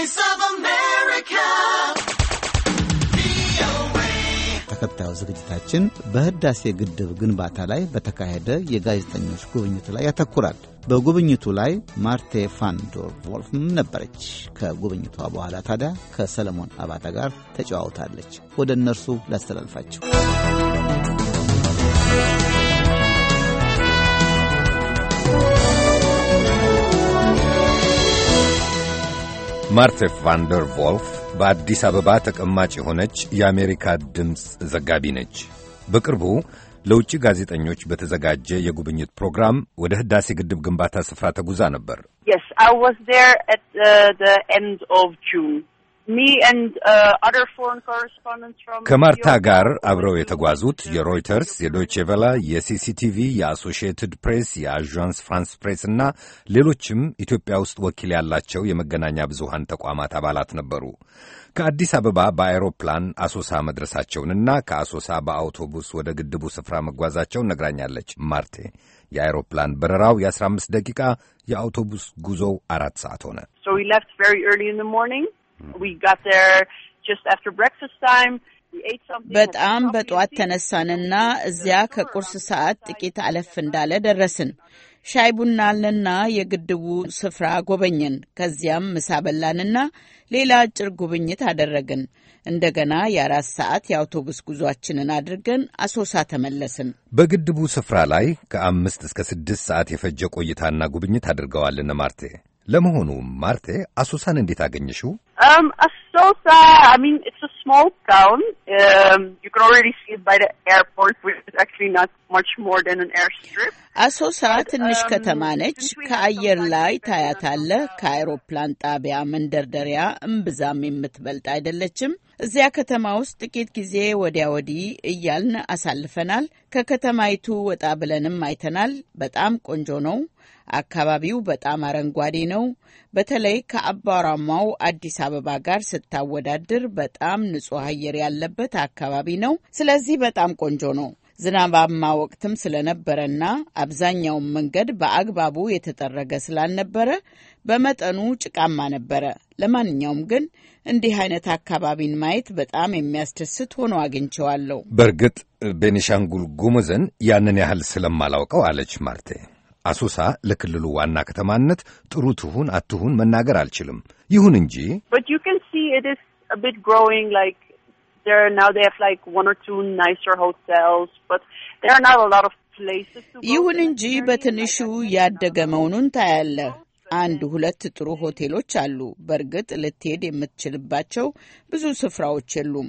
Voice of America. ተከታዩ ዝግጅታችን በህዳሴ ግድብ ግንባታ ላይ በተካሄደ የጋዜጠኞች ጉብኝት ላይ ያተኩራል። በጉብኝቱ ላይ ማርቴ ፋንዶር ቮልፍም ነበረች። ከጉብኝቷ በኋላ ታዲያ ከሰለሞን አባተ ጋር ተጨዋውታለች። ወደ እነርሱ ላስተላልፋቸው። ማርቴ ቫንደር ቮልፍ በአዲስ አበባ ተቀማጭ የሆነች የአሜሪካ ድምፅ ዘጋቢ ነች። በቅርቡ ለውጭ ጋዜጠኞች በተዘጋጀ የጉብኝት ፕሮግራም ወደ ህዳሴ ግድብ ግንባታ ስፍራ ተጉዛ ነበር። Uh, ከማርታ ጋር አብረው የተጓዙት የሮይተርስ፣ የዶይቼ ቨላ፣ የሲሲቲቪ፣ የአሶሺየትድ ፕሬስ፣ የአዣንስ ፍራንስ ፕሬስ እና ሌሎችም ኢትዮጵያ ውስጥ ወኪል ያላቸው የመገናኛ ብዙሃን ተቋማት አባላት ነበሩ። ከአዲስ አበባ በአይሮፕላን አሶሳ መድረሳቸውንና ከአሶሳ በአውቶቡስ ወደ ግድቡ ስፍራ መጓዛቸውን ነግራኛለች ማርቴ። የአይሮፕላን በረራው የ15 ደቂቃ የአውቶቡስ ጉዞው አራት ሰዓት ሆነ። Mm-hmm. በጣም በጠዋት ተነሳንና እዚያ ከቁርስ ሰዓት ጥቂት አለፍ እንዳለ ደረስን። ሻይ ቡናልንና የግድቡ ስፍራ ጎበኘን። ከዚያም ምሳ በላንና ሌላ አጭር ጉብኝት አደረግን። እንደገና የአራት ሰዓት የአውቶቡስ ጉዟችንን አድርገን አሶሳ ተመለስን። በግድቡ ስፍራ ላይ ከአምስት እስከ ስድስት ሰዓት የፈጀ ቆይታና ጉብኝት አድርገዋልን ማርቴ። ለመሆኑ ማርቴ አሶሳን እንዴት አገኘሽው? Um, I so sad. I mean, it's a small town. Um, you can already see it by the airport, which is actually not much more than an airstrip. አሶሳ ትንሽ um, ከተማ ነች። ከአየር ላይ ታያታለህ። ከአይሮፕላን ጣቢያ መንደርደሪያ እምብዛም የምትበልጥ አይደለችም። እዚያ ከተማ ውስጥ ጥቂት ጊዜ ወዲያ ወዲህ እያልን አሳልፈናል። ከከተማይቱ ወጣ ብለንም አይተናል። በጣም ቆንጆ ነው። አካባቢው በጣም አረንጓዴ ነው። በተለይ ከአቧራማው አዲስ አበባ ጋር ስታወዳድር በጣም ንጹህ አየር ያለበት አካባቢ ነው። ስለዚህ በጣም ቆንጆ ነው። ዝናባማ ወቅትም ስለነበረና አብዛኛውን መንገድ በአግባቡ የተጠረገ ስላልነበረ በመጠኑ ጭቃማ ነበረ። ለማንኛውም ግን እንዲህ አይነት አካባቢን ማየት በጣም የሚያስደስት ሆኖ አግኝቸዋለሁ። በእርግጥ ቤኒሻንጉል ጉሙዝን ያንን ያህል ስለማላውቀው አለች ማርቴ አሶሳ ለክልሉ ዋና ከተማነት ጥሩ ትሁን አትሁን መናገር አልችልም። ይሁን እንጂ ይሁን እንጂ በትንሹ ያደገ መሆኑን ታያለህ። አንድ ሁለት ጥሩ ሆቴሎች አሉ። በእርግጥ ልትሄድ የምትችልባቸው ብዙ ስፍራዎች የሉም።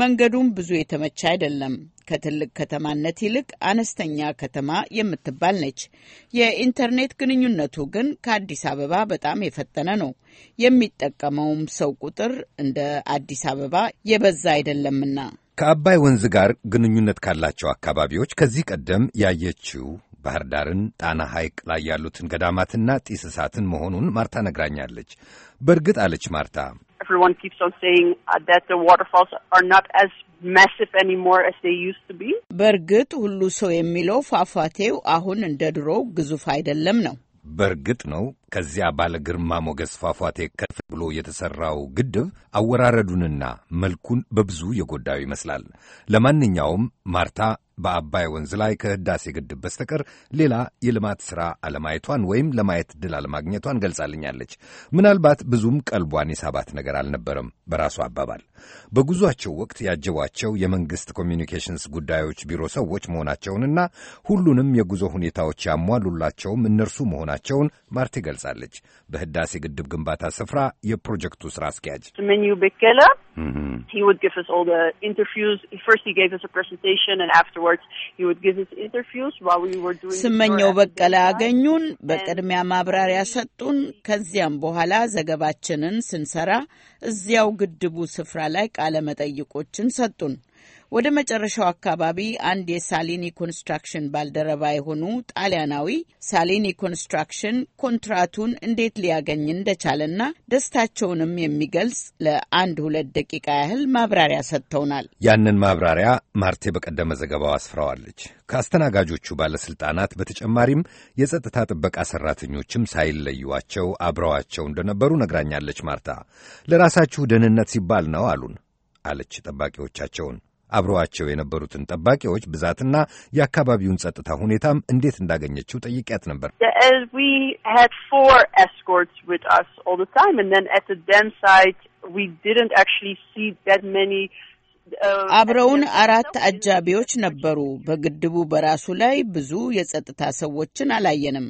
መንገዱም ብዙ የተመቸ አይደለም። ከትልቅ ከተማነት ይልቅ አነስተኛ ከተማ የምትባል ነች። የኢንተርኔት ግንኙነቱ ግን ከአዲስ አበባ በጣም የፈጠነ ነው። የሚጠቀመውም ሰው ቁጥር እንደ አዲስ አበባ የበዛ አይደለምና ከአባይ ወንዝ ጋር ግንኙነት ካላቸው አካባቢዎች ከዚህ ቀደም ያየችው ባህር ዳርን፣ ጣና ሐይቅ ላይ ያሉትን ገዳማትና ጢስ እሳትን መሆኑን ማርታ ነግራኛለች። በእርግጥ አለች ማርታ everyone keeps on saying uh, that the waterfalls are not as massive anymore as they used to be. በእርግጥ ሁሉ ሰው የሚለው ፏፏቴው አሁን እንደ ድሮ ግዙፍ አይደለም ነው። በእርግጥ ነው ከዚያ ባለ ግርማ ሞገስ ፏፏቴ ከፍ ብሎ የተሰራው ግድብ አወራረዱንና መልኩን በብዙ የጎዳው ይመስላል። ለማንኛውም ማርታ በአባይ ወንዝ ላይ ከህዳሴ ግድብ በስተቀር ሌላ የልማት ሥራ አለማየቷን ወይም ለማየት ድል አለማግኘቷን ገልጻልኛለች። ምናልባት ብዙም ቀልቧን የሳባት ነገር አልነበረም በራሱ አባባል በጉዟቸው ወቅት ያጀቧቸው የመንግሥት ኮሚኒኬሽንስ ጉዳዮች ቢሮ ሰዎች መሆናቸውንና ሁሉንም የጉዞ ሁኔታዎች ያሟሉላቸውም እነርሱ መሆናቸውን ማርት ገልጻለች። በህዳሴ ግድብ ግንባታ ስፍራ የፕሮጀክቱ ስራ አስኪያጅ ስመኝው ቤኬለ ስመኘው በቀለ አገኙን። በቅድሚያ ማብራሪያ ሰጡን። ከዚያም በኋላ ዘገባችንን ስንሰራ እዚያው ግድቡ ስፍራ ላይ ቃለ መጠይቆችን ሰጡን። ወደ መጨረሻው አካባቢ አንድ የሳሊኒ ኮንስትራክሽን ባልደረባ የሆኑ ጣሊያናዊ ሳሊኒ ኮንስትራክሽን ኮንትራቱን እንዴት ሊያገኝ እንደቻለና ደስታቸውንም የሚገልጽ ለአንድ ሁለት ደቂቃ ያህል ማብራሪያ ሰጥተውናል። ያንን ማብራሪያ ማርቴ በቀደመ ዘገባው አስፍረዋለች። ከአስተናጋጆቹ ባለስልጣናት በተጨማሪም የጸጥታ ጥበቃ ሰራተኞችም ሳይለዩዋቸው አብረዋቸው እንደነበሩ ነግራኛለች። ማርታ ለራሳችሁ ደህንነት ሲባል ነው አሉን አለች ጠባቂዎቻቸውን አብረዋቸው የነበሩትን ጠባቂዎች ብዛትና የአካባቢውን ጸጥታ ሁኔታም እንዴት እንዳገኘችው ጠይቄያት ነበር። uh, አብረውን አራት አጃቢዎች ነበሩ። በግድቡ በራሱ ላይ ብዙ የጸጥታ ሰዎችን አላየንም።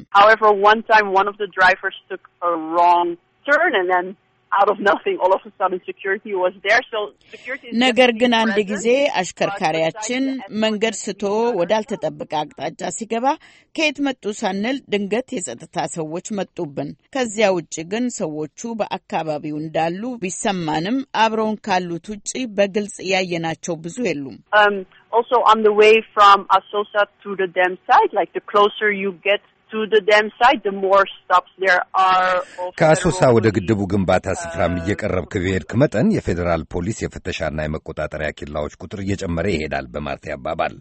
ነገር ግን አንድ ጊዜ አሽከርካሪያችን መንገድ ስቶ ወዳልተጠበቀ አቅጣጫ ሲገባ ከየት መጡ ሳንል ድንገት የጸጥታ ሰዎች መጡብን። ከዚያ ውጭ ግን ሰዎቹ በአካባቢው እንዳሉ ቢሰማንም አብረውን ካሉት ውጭ በግልጽ ያየናቸው ብዙ የሉም። also on the way from Asosa to the dam site, like the closer you get ከአሶሳ ወደ ግድቡ ግንባታ uh, ስፍራም እየቀረብክ በሄድክ መጠን የፌዴራል ፖሊስ የፍተሻና የመቆጣጠሪያ ኬላዎች ቁጥር እየጨመረ ይሄዳል። በማርታ አባባል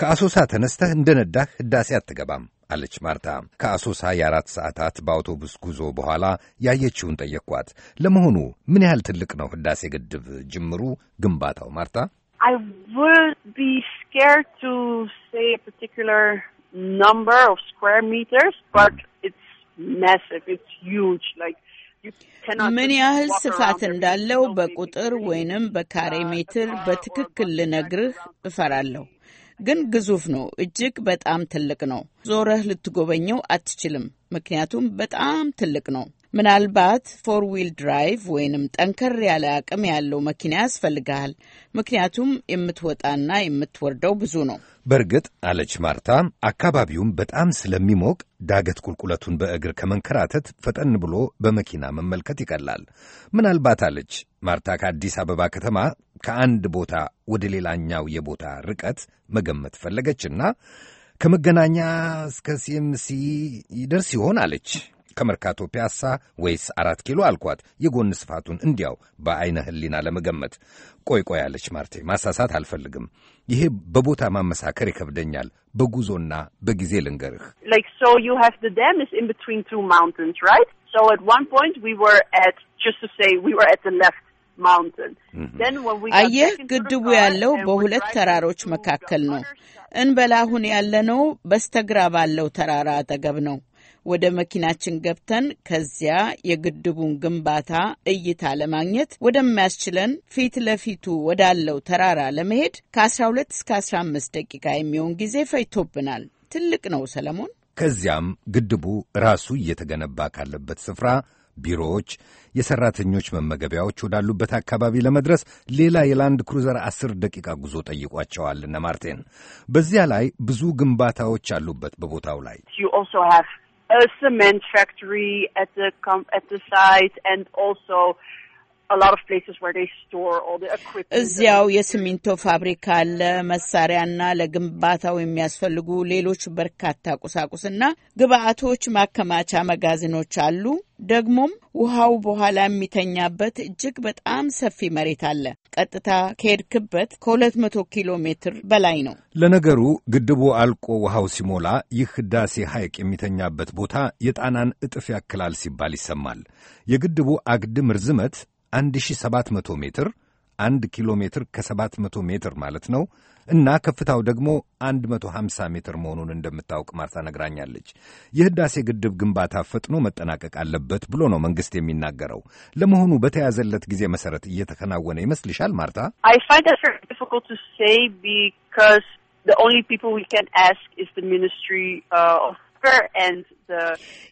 ከአሶሳ ተነስተህ እንደነዳህ ህዳሴ አትገባም አለች ማርታ። ከአሶሳ የአራት ሰዓታት በአውቶቡስ ጉዞ በኋላ ያየችውን ጠየቅኳት። ለመሆኑ ምን ያህል ትልቅ ነው ህዳሴ ግድብ ጅምሩ ግንባታው? ማርታ I would be scared to say a particular number of square meters, but it's massive. It's huge. Like ምን ያህል ስፋት እንዳለው በቁጥር ወይንም በካሬ uh, ሜትር uh, በትክክል uh, ልነግርህ እፈራለሁ። ግን ግዙፍ ነው። እጅግ በጣም ትልቅ ነው። ዞረህ ልትጎበኘው አትችልም፣ ምክንያቱም በጣም ትልቅ ነው። ምናልባት ፎር ዊል ድራይቭ ወይንም ጠንከር ያለ አቅም ያለው መኪና ያስፈልግሃል፣ ምክንያቱም የምትወጣና የምትወርደው ብዙ ነው። በእርግጥ አለች ማርታ፣ አካባቢውም በጣም ስለሚሞቅ ዳገት ቁልቁለቱን በእግር ከመንከራተት ፈጠን ብሎ በመኪና መመልከት ይቀላል። ምናልባት አለች ማርታ፣ ከአዲስ አበባ ከተማ ከአንድ ቦታ ወደ ሌላኛው የቦታ ርቀት መገመት ፈለገችና ከመገናኛ እስከ ሲኤምሲ ይደርስ ይሆን አለች። ከመርካቶ ፒያሳ ወይስ አራት ኪሎ አልኳት፣ የጎን ስፋቱን እንዲያው በአይነ ህሊና ለመገመት። ቆይ ቆይ አለች ማርቴ፣ ማሳሳት አልፈልግም። ይሄ በቦታ ማመሳከር ይከብደኛል። በጉዞና በጊዜ ልንገርህ። mm-hmm. አየህ፣ ግድቡ ያለው በሁለት ተራሮች መካከል ነው። እንበል አሁን ያለነው በስተግራ ባለው ተራራ አጠገብ ነው። ወደ መኪናችን ገብተን ከዚያ የግድቡን ግንባታ እይታ ለማግኘት ወደሚያስችለን ፊት ለፊቱ ወዳለው ተራራ ለመሄድ ከ12 እስከ 15 ደቂቃ የሚሆን ጊዜ ፈጅቶብናል። ትልቅ ነው ሰለሞን። ከዚያም ግድቡ ራሱ እየተገነባ ካለበት ስፍራ ቢሮዎች፣ የሠራተኞች መመገቢያዎች ወዳሉበት አካባቢ ለመድረስ ሌላ የላንድ ክሩዘር አስር ደቂቃ ጉዞ ጠይቋቸዋል እነ ማርቴን። በዚያ ላይ ብዙ ግንባታዎች አሉበት በቦታው ላይ a cement factory at the com- at the site and also እዚያው የሲሚንቶ ፋብሪካ አለ። መሳሪያና ለግንባታው የሚያስፈልጉ ሌሎች በርካታ ቁሳቁስና ግብአቶች ማከማቻ መጋዘኖች አሉ። ደግሞም ውሃው በኋላ የሚተኛበት እጅግ በጣም ሰፊ መሬት አለ። ቀጥታ ከሄድክበት ከ200 ኪሎ ሜትር በላይ ነው። ለነገሩ ግድቡ አልቆ ውሃው ሲሞላ ይህ ህዳሴ ሐይቅ የሚተኛበት ቦታ የጣናን እጥፍ ያክላል ሲባል ይሰማል። የግድቡ አግድም ርዝመት 1700 ሜትር 1 ኪሎ ሜትር ከ700 ሜትር ማለት ነው እና ከፍታው ደግሞ 150 ሜትር መሆኑን እንደምታውቅ ማርታ ነግራኛለች። የህዳሴ ግድብ ግንባታ ፈጥኖ መጠናቀቅ አለበት ብሎ ነው መንግስት የሚናገረው። ለመሆኑ በተያዘለት ጊዜ መሰረት እየተከናወነ ይመስልሻል ማርታ?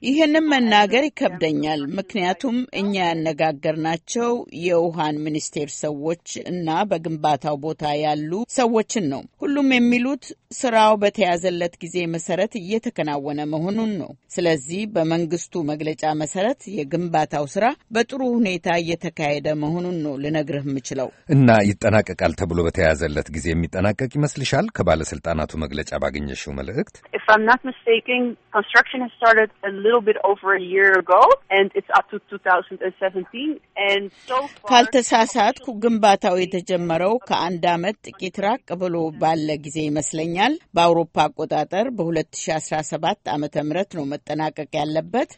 ይህንም መናገር ይከብደኛል። ምክንያቱም እኛ ያነጋገርናቸው የውሃን ሚኒስቴር ሰዎች እና በግንባታው ቦታ ያሉ ሰዎችን ነው። ሁሉም የሚሉት ስራው በተያዘለት ጊዜ መሰረት እየተከናወነ መሆኑን ነው። ስለዚህ በመንግስቱ መግለጫ መሰረት የግንባታው ስራ በጥሩ ሁኔታ እየተካሄደ መሆኑን ነው ልነግርህ የምችለው። እና ይጠናቀቃል ተብሎ በተያዘለት ጊዜ የሚጠናቀቅ ይመስልሻል? ከባለስልጣናቱ መግለጫ ባገኘሽው መልእክት started a little bit over a year ago and it's up to 2017 and so far ካልተሳሳትኩ ግንባታው የተጀመረው ከአንድ ዓመት ጥቂት ራቅ ብሎ ባለ ጊዜ ይመስለኛል። በአውሮፓ አቆጣጠር በ2017 ዓ ምህረት ነው መጠናቀቅ ያለበት።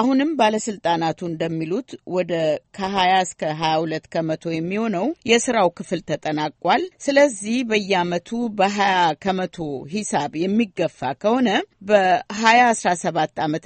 አሁንም ባለስልጣናቱ እንደሚሉት ወደ ከ20 እስከ 22 ከመቶ የሚሆነው የስራው ክፍል ተጠናቋል። ስለዚህ በየአመቱ በ20 ከመቶ ሂሳብ የሚገፋ ከሆነ በ2017 ዓ ም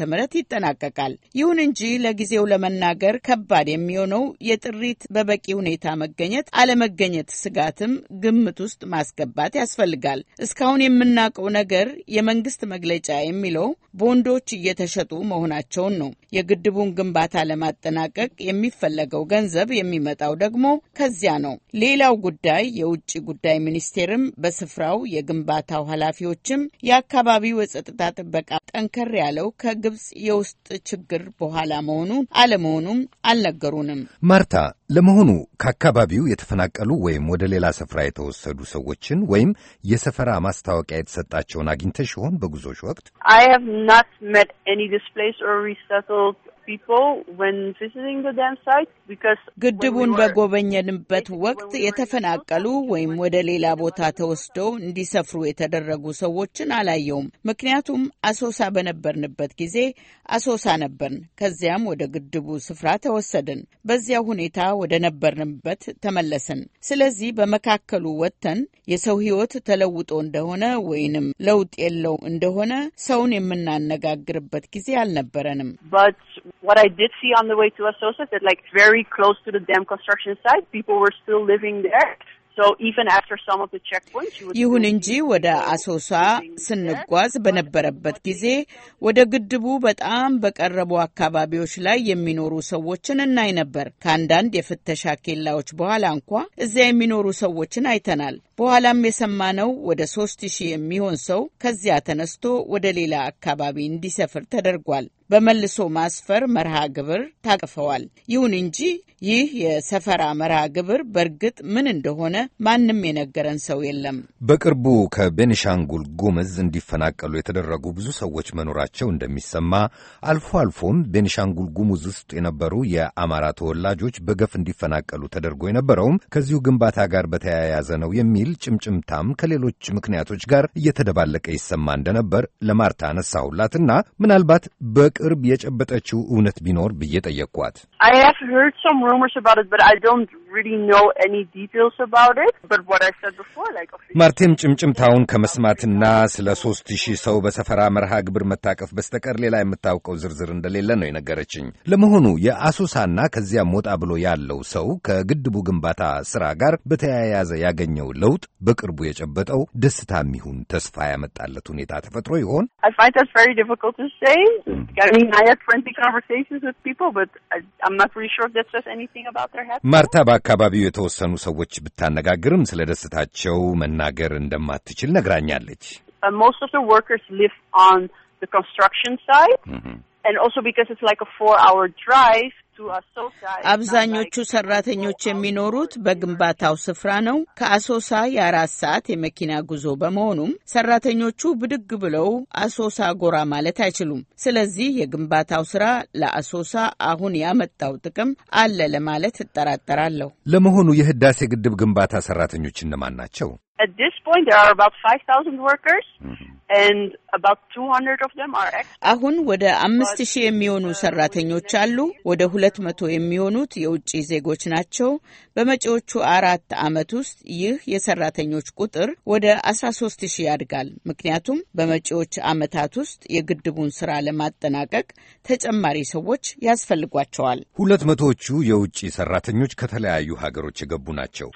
ይጠናቀቃል። ይሁን እንጂ ለጊዜው ለመናገር ከባድ የሚሆነው የጥሪት በበቂ ሁኔታ መገኘት አለመገኘት ስጋትም ግምት ውስጥ ማስገባት ያስፈልጋል። እስካሁን የምናውቀው ነገር የመንግስት መግለጫ የሚለው ቦንዶች እየተሸጡ መሆናቸውን ነው። የግድቡን ግንባታ ለማጠናቀቅ የሚፈለገው ገንዘብ የሚመጣው ደግሞ ከዚያ ነው። ሌላው ጉዳይ የውጭ ጉዳይ ሚኒስቴርም በስፍራው የግንባታው ኃላፊዎችም የአካባቢው የጸጥታ ጥበቃ ጠንከር ያለው ከግብፅ የውስጥ ችግር በኋላ መሆኑ አለመሆኑም አልነገሩንም። ማርታ፣ ለመሆኑ ከአካባቢው የተፈናቀሉ ወይም ወደ ሌላ ስፍራ የተወሰዱ ሰዎችን ወይም የሰፈራ ማስታወቂያ የተሰጣቸውን አግኝተሽ ይሆን በጉዞሽ ወቅት? not met any displaced or resettled ግድቡን በጎበኘንበት ወቅት የተፈናቀሉ ወይም ወደ ሌላ ቦታ ተወስደው እንዲሰፍሩ የተደረጉ ሰዎችን አላየውም። ምክንያቱም አሶሳ በነበርንበት ጊዜ አሶሳ ነበርን። ከዚያም ወደ ግድቡ ስፍራ ተወሰድን። በዚያ ሁኔታ ወደ ነበርንበት ተመለስን። ስለዚህ በመካከሉ ወጥተን የሰው ሕይወት ተለውጦ እንደሆነ ወይንም ለውጥ የለው እንደሆነ ሰውን የምናነጋግርበት ጊዜ አልነበረንም። What I did see on the way to Asosa is that like very close to the dam construction site, people were still living there. ይሁን እንጂ ወደ አሶሳ ስንጓዝ በነበረበት ጊዜ ወደ ግድቡ በጣም በቀረቡ አካባቢዎች ላይ የሚኖሩ ሰዎችን እናይ ነበር። ከአንዳንድ የፍተሻ ኬላዎች በኋላ እንኳ እዚያ የሚኖሩ ሰዎችን አይተናል። በኋላም የሰማነው ወደ ሶስት ሺህ የሚሆን ሰው ከዚያ ተነስቶ ወደ ሌላ አካባቢ እንዲሰፍር ተደርጓል። በመልሶ ማስፈር መርሃ ግብር ታቅፈዋል። ይሁን እንጂ ይህ የሰፈራ መርሃ ግብር በእርግጥ ምን እንደሆነ ማንም የነገረን ሰው የለም። በቅርቡ ከቤኒሻንጉል ጉምዝ እንዲፈናቀሉ የተደረጉ ብዙ ሰዎች መኖራቸው እንደሚሰማ አልፎ አልፎም ቤኒሻንጉል ጉሙዝ ውስጥ የነበሩ የአማራ ተወላጆች በገፍ እንዲፈናቀሉ ተደርጎ የነበረውም ከዚሁ ግንባታ ጋር በተያያዘ ነው የሚል የሚል ጭምጭምታም ከሌሎች ምክንያቶች ጋር እየተደባለቀ ይሰማ እንደነበር ለማርታ አነሳሁላትና ምናልባት በቅርብ የጨበጠችው እውነት ቢኖር ብዬ ጠየቅኳት። ማርቴም ጭምጭምታውን ከመስማትና ስለ ሶስት ሺህ ሰው በሰፈራ መርሃ ግብር መታቀፍ በስተቀር ሌላ የምታውቀው ዝርዝር እንደሌለ ነው የነገረችኝ። ለመሆኑ የአሶሳና ከዚያም ወጣ ብሎ ያለው ሰው ከግድቡ ግንባታ ስራ ጋር በተያያዘ ያገኘው ለውጥ የሚሉት በቅርቡ የጨበጠው ደስታም ይሁን ተስፋ ያመጣለት ሁኔታ ተፈጥሮ ይሆን? ማርታ በአካባቢው የተወሰኑ ሰዎች ብታነጋግርም ስለ ደስታቸው መናገር እንደማትችል ነግራኛለች። አብዛኞቹ ሰራተኞች የሚኖሩት በግንባታው ስፍራ ነው። ከአሶሳ የአራት ሰዓት የመኪና ጉዞ በመሆኑም ሰራተኞቹ ብድግ ብለው አሶሳ ጎራ ማለት አይችሉም። ስለዚህ የግንባታው ስራ ለአሶሳ አሁን ያመጣው ጥቅም አለ ለማለት እጠራጠራለሁ። ለመሆኑ የህዳሴ ግድብ ግንባታ ሰራተኞች እነማን ናቸው? At this point, there are about 5,000 workers. Mm-hmm. And about 200 of them are አሁን ወደ አምስት ሺህ የሚሆኑ ሰራተኞች አሉ። ወደ ሁለት መቶ የሚሆኑት የውጭ ዜጎች ናቸው። በመጪዎቹ አራት ዓመት ውስጥ ይህ የሰራተኞች ቁጥር ወደ 13 ሺህ ያድጋል። ምክንያቱም በመጪዎች ዓመታት ውስጥ የግድቡን ስራ ለማጠናቀቅ ተጨማሪ ሰዎች ያስፈልጓቸዋል። ሁለት መቶዎቹ የውጭ ሰራተኞች ከተለያዩ ሀገሮች የገቡ ናቸው።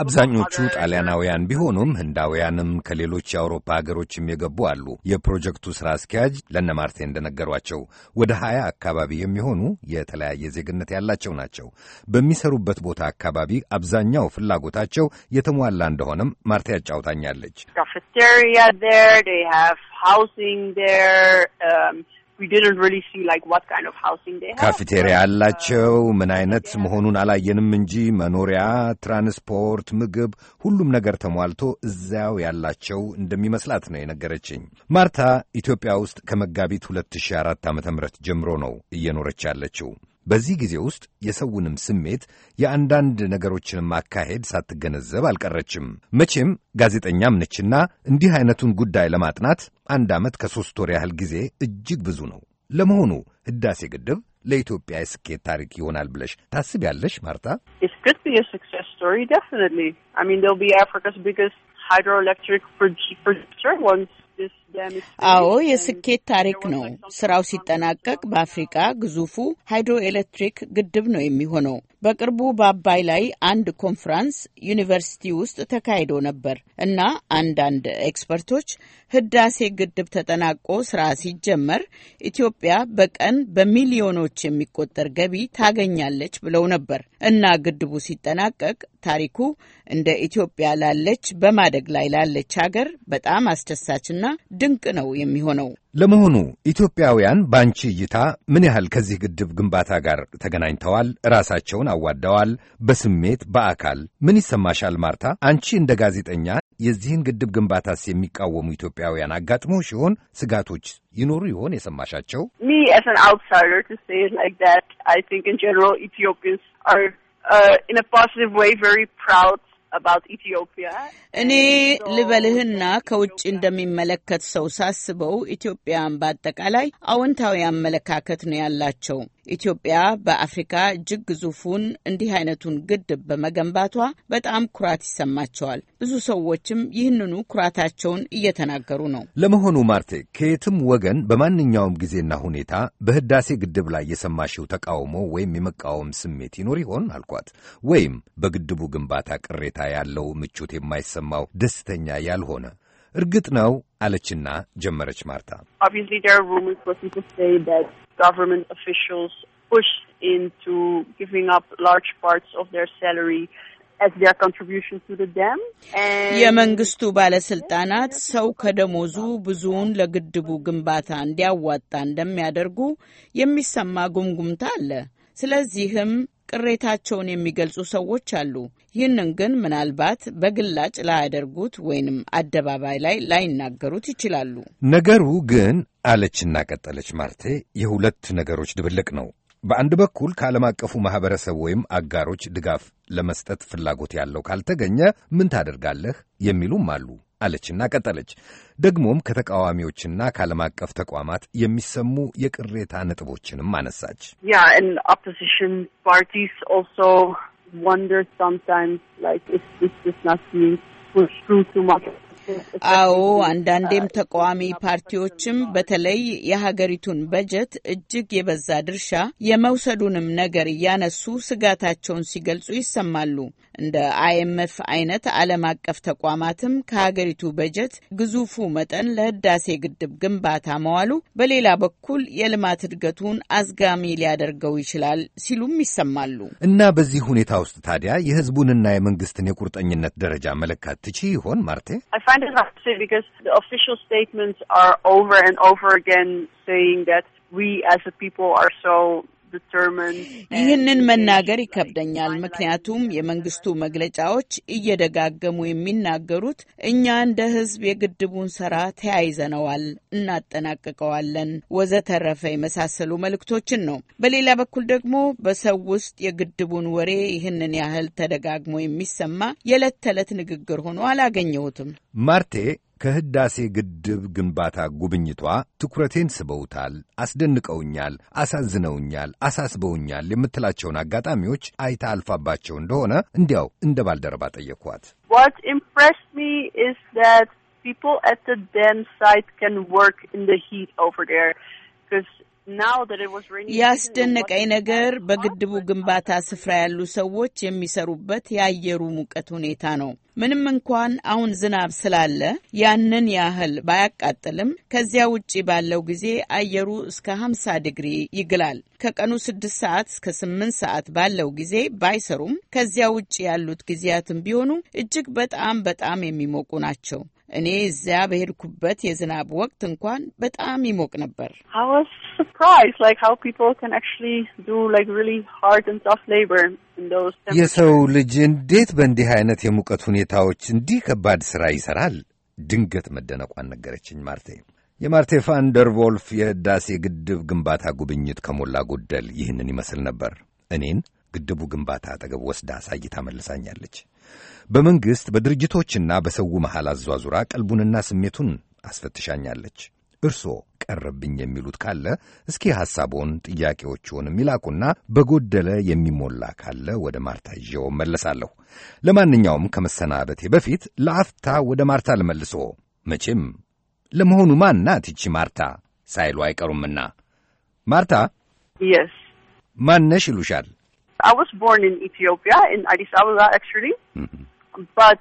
አብዛኞቹ ጣሊያናውያን ቢሆኑም ህንዳውያንም ከሌሎች የአውሮፓ ሀገሮችም የገቡ አሉ። የፕሮጀክቱ ስራ አስኪያጅ ለነ ማርቴ እንደነገሯቸው ወደ ሀያ አካባቢ የሚሆኑ የተለያየ ዜግነት ያላቸው ናቸው። በሚሰሩበት ቦታ አካባቢ አብዛኛው ፍላጎታቸው የተሟላ እንደሆነም ማርቴ ያጫውታኛለች። ካፌቴሪያ uh, ያላቸው ምን አይነት መሆኑን አላየንም እንጂ መኖሪያ፣ ትራንስፖርት፣ ምግብ ሁሉም ነገር ተሟልቶ እዚያው ያላቸው እንደሚመስላት ነው የነገረችኝ። ማርታ ኢትዮጵያ ውስጥ ከመጋቢት 2004 ዓ ም ጀምሮ ነው እየኖረች ያለችው። በዚህ ጊዜ ውስጥ የሰውንም ስሜት የአንዳንድ ነገሮችንም አካሄድ ሳትገነዘብ አልቀረችም። መቼም ጋዜጠኛም ነችና እንዲህ አይነቱን ጉዳይ ለማጥናት አንድ ዓመት ከሦስት ወር ያህል ጊዜ እጅግ ብዙ ነው። ለመሆኑ ህዳሴ ግድብ ለኢትዮጵያ የስኬት ታሪክ ይሆናል ብለሽ ታስቢያለሽ ማርታ? አዎ የስኬት ታሪክ ነው። ስራው ሲጠናቀቅ በአፍሪቃ ግዙፉ ሃይድሮ ኤሌክትሪክ ግድብ ነው የሚሆነው። በቅርቡ በአባይ ላይ አንድ ኮንፍራንስ ዩኒቨርሲቲ ውስጥ ተካሂዶ ነበር እና አንዳንድ ኤክስፐርቶች ህዳሴ ግድብ ተጠናቆ ስራ ሲጀመር ኢትዮጵያ በቀን በሚሊዮኖች የሚቆጠር ገቢ ታገኛለች ብለው ነበር እና ግድቡ ሲጠናቀቅ ታሪኩ እንደ ኢትዮጵያ ላለች በማደግ ላይ ላለች ሀገር በጣም አስደሳችና ድንቅ ነው የሚሆነው። ለመሆኑ ኢትዮጵያውያን በአንቺ እይታ ምን ያህል ከዚህ ግድብ ግንባታ ጋር ተገናኝተዋል? ራሳቸውን አዋደዋል? በስሜት በአካል ምን ይሰማሻል ማርታ? አንቺ እንደ ጋዜጠኛ የዚህን ግድብ ግንባታስ የሚቃወሙ ኢትዮጵያውያን አጋጥሞ ሲሆን ስጋቶች ይኖሩ ይሆን የሰማሻቸው? ኢትዮጵያንስ እኔ ልበልህና ከውጭ እንደሚመለከት ሰው ሳስበው ኢትዮጵያን በአጠቃላይ አዎንታዊ አመለካከት ነው ያላቸው። ኢትዮጵያ በአፍሪካ እጅግ ግዙፉን እንዲህ አይነቱን ግድብ በመገንባቷ በጣም ኩራት ይሰማቸዋል። ብዙ ሰዎችም ይህንኑ ኩራታቸውን እየተናገሩ ነው። ለመሆኑ ማርቴ፣ ከየትም ወገን በማንኛውም ጊዜና ሁኔታ በህዳሴ ግድብ ላይ የሰማሽው ተቃውሞ ወይም የመቃወም ስሜት ይኖር ይሆን አልኳት። ወይም በግድቡ ግንባታ ቅሬታ ያለው ምቾት የማይሰማው ደስተኛ ያልሆነ እርግጥ ነው አለችና ጀመረች ማርታ። የመንግስቱ ባለስልጣናት ሰው ከደሞዙ ብዙውን ለግድቡ ግንባታ እንዲያዋጣ እንደሚያደርጉ የሚሰማ ጉምጉምታ አለ። ስለዚህም ቅሬታቸውን የሚገልጹ ሰዎች አሉ። ይህንን ግን ምናልባት በግላጭ ላያደርጉት ወይንም አደባባይ ላይ ላይናገሩት ይችላሉ። ነገሩ ግን አለችና ቀጠለች ማርቴ፣ የሁለት ነገሮች ድብልቅ ነው። በአንድ በኩል ከዓለም አቀፉ ማኅበረሰብ ወይም አጋሮች ድጋፍ ለመስጠት ፍላጎት ያለው ካልተገኘ ምን ታደርጋለህ የሚሉም አሉ አለችና ቀጠለች። ደግሞም ከተቃዋሚዎችና ከዓለም አቀፍ ተቋማት የሚሰሙ የቅሬታ ነጥቦችንም አነሳች። wonder sometimes, like, if it's just not being pushed through too much አዎ አንዳንዴም ተቃዋሚ ፓርቲዎችም በተለይ የሀገሪቱን በጀት እጅግ የበዛ ድርሻ የመውሰዱንም ነገር እያነሱ ስጋታቸውን ሲገልጹ ይሰማሉ። እንደ አይኤምኤፍ አይነት ዓለም አቀፍ ተቋማትም ከሀገሪቱ በጀት ግዙፉ መጠን ለህዳሴ ግድብ ግንባታ መዋሉ በሌላ በኩል የልማት እድገቱን አዝጋሚ ሊያደርገው ይችላል ሲሉም ይሰማሉ። እና በዚህ ሁኔታ ውስጥ ታዲያ የህዝቡንና የመንግስትን የቁርጠኝነት ደረጃ መለካት ትቺ ይሆን ማርቴ? kind of hard to say because the official statements are over and over again saying that we as a people are so ይህንን መናገር ይከብደኛል። ምክንያቱም የመንግስቱ መግለጫዎች እየደጋገሙ የሚናገሩት እኛ እንደ ህዝብ የግድቡን ስራ ተያይዘነዋል፣ እናጠናቅቀዋለን፣ ወዘተረፈ የመሳሰሉ መልእክቶችን ነው። በሌላ በኩል ደግሞ በሰው ውስጥ የግድቡን ወሬ ይህንን ያህል ተደጋግሞ የሚሰማ የዕለት ተዕለት ንግግር ሆኖ አላገኘሁትም። ማርቴ ከህዳሴ ግድብ ግንባታ ጉብኝቷ ትኩረቴን ስበውታል፣ አስደንቀውኛል፣ አሳዝነውኛል፣ አሳስበውኛል የምትላቸውን አጋጣሚዎች አይታ አልፋባቸው እንደሆነ እንዲያው እንደ ባልደረባ ጠየኳት። ያስደነቀኝ ነገር በግድቡ ግንባታ ስፍራ ያሉ ሰዎች የሚሰሩበት የአየሩ ሙቀት ሁኔታ ነው። ምንም እንኳን አሁን ዝናብ ስላለ ያንን ያህል ባያቃጥልም ከዚያ ውጪ ባለው ጊዜ አየሩ እስከ 50 ዲግሪ ይግላል። ከቀኑ 6 ሰዓት እስከ 8 ሰዓት ባለው ጊዜ ባይሰሩም ከዚያ ውጪ ያሉት ጊዜያትም ቢሆኑ እጅግ በጣም በጣም የሚሞቁ ናቸው። እኔ እዚያ በሄድኩበት የዝናብ ወቅት እንኳን በጣም ይሞቅ ነበር። የሰው ልጅ እንዴት በእንዲህ አይነት የሙቀት ሁኔታዎች እንዲህ ከባድ ሥራ ይሠራል? ድንገት መደነቋን ነገረችኝ ማርቴ። የማርቴ ቫንደርቮልፍ የህዳሴ ግድብ ግንባታ ጉብኝት ከሞላ ጎደል ይህንን ይመስል ነበር። እኔን ግድቡ ግንባታ አጠገብ ወስዳ አሳይታ መልሳኛለች። በመንግሥት በድርጅቶችና በሰው መሃል አዟዙራ ቀልቡንና ስሜቱን አስፈትሻኛለች። እርስዎ ቀረብኝ የሚሉት ካለ እስኪ ሐሳቦን፣ ጥያቄዎችዎን የሚላኩና በጎደለ የሚሞላ ካለ ወደ ማርታ ይዤው መለሳለሁ። ለማንኛውም ከመሰናበቴ በፊት ለአፍታ ወደ ማርታ ልመልሶ። መቼም ለመሆኑ ማን ናት ይቺ ማርታ ሳይሉ አይቀሩምና ማርታ የስ ማነሽ ይሉሻል። I was born in Ethiopia, in Addis Ababa actually. Mm-hmm. But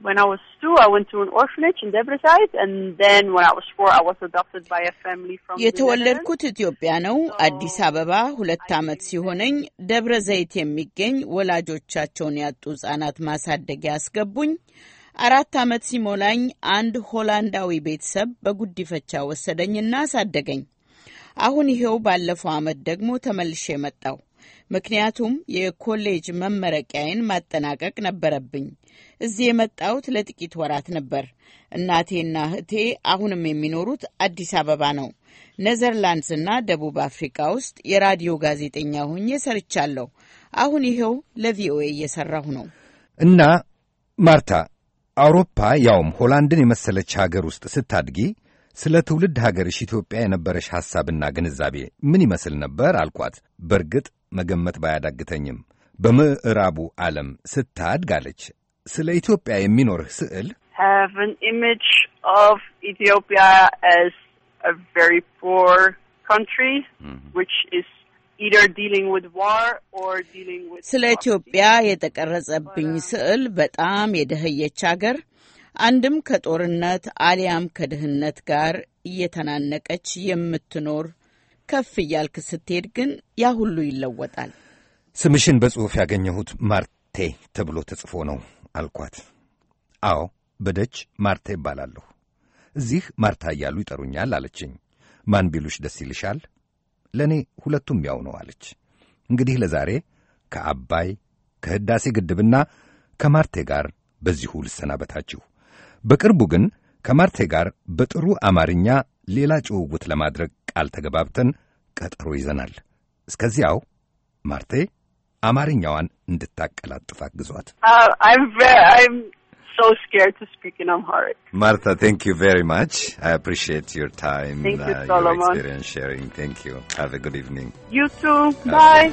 when I was two, I went to an orphanage in Debre and then when I was four, I was adopted by a family from የተወለድኩት ኢትዮጵያ ነው አዲስ አበባ። ሁለት ዓመት ሲሆነኝ ደብረ ዘይት የሚገኝ ወላጆቻቸውን ያጡ ሕጻናት ማሳደጊያ ያስገቡኝ። አራት ዓመት ሲሞላኝ አንድ ሆላንዳዊ ቤተሰብ በጉዲፈቻ ወሰደኝና አሳደገኝ። አሁን ይሄው ባለፈው ዓመት ደግሞ ተመልሼ መጣው። ምክንያቱም የኮሌጅ መመረቂያዬን ማጠናቀቅ ነበረብኝ። እዚህ የመጣሁት ለጥቂት ወራት ነበር። እናቴና እህቴ አሁንም የሚኖሩት አዲስ አበባ ነው። ኔዘርላንድስና ደቡብ አፍሪካ ውስጥ የራዲዮ ጋዜጠኛ ሆኜ ሰርቻለሁ። አሁን ይኸው ለቪኦኤ እየሰራሁ ነው። እና ማርታ አውሮፓ ያውም ሆላንድን የመሰለች ሀገር ውስጥ ስታድጊ ስለ ትውልድ ሀገርሽ ኢትዮጵያ የነበረሽ ሐሳብና ግንዛቤ ምን ይመስል ነበር? አልኳት። በእርግጥ መገመት ባያዳግተኝም በምዕራቡ ዓለም ስታድግ አለች፣ ስለ ኢትዮጵያ የሚኖርህ ስዕል ስለ ኢትዮጵያ የተቀረጸብኝ ስዕል በጣም የደህየች አገር አንድም ከጦርነት አሊያም ከድህነት ጋር እየተናነቀች የምትኖር ከፍ እያልክ ስትሄድ ግን ያ ሁሉ ይለወጣል። ስምሽን በጽሑፍ ያገኘሁት ማርቴ ተብሎ ተጽፎ ነው አልኳት። አዎ በደች ማርቴ ይባላለሁ። እዚህ ማርታ እያሉ ይጠሩኛል አለችኝ። ማን ቢሉሽ ደስ ይልሻል? ለእኔ ሁለቱም ያው ነው አለች። እንግዲህ ለዛሬ ከአባይ ከህዳሴ ግድብና ከማርቴ ጋር በዚሁ ልሰናበታችሁ። በቅርቡ ግን ከማርቴ ጋር በጥሩ አማርኛ ሌላ ጭውውት ለማድረግ ቃል ተገባብተን ቀጠሮ ይዘናል። እስከዚያው ማርቴ አማርኛዋን እንድታቀላጥፍ አግዟት። ማርታ ቴንክ ዩ ቬሪ ማች አይ አፕሪሺየት ዩር ታይም ኤክስፒሪየንስ ሼሪንግ ቴንክ ዩ ሃቭ አ ጉድ ኢቭኒንግ ዩ ቱ ባይ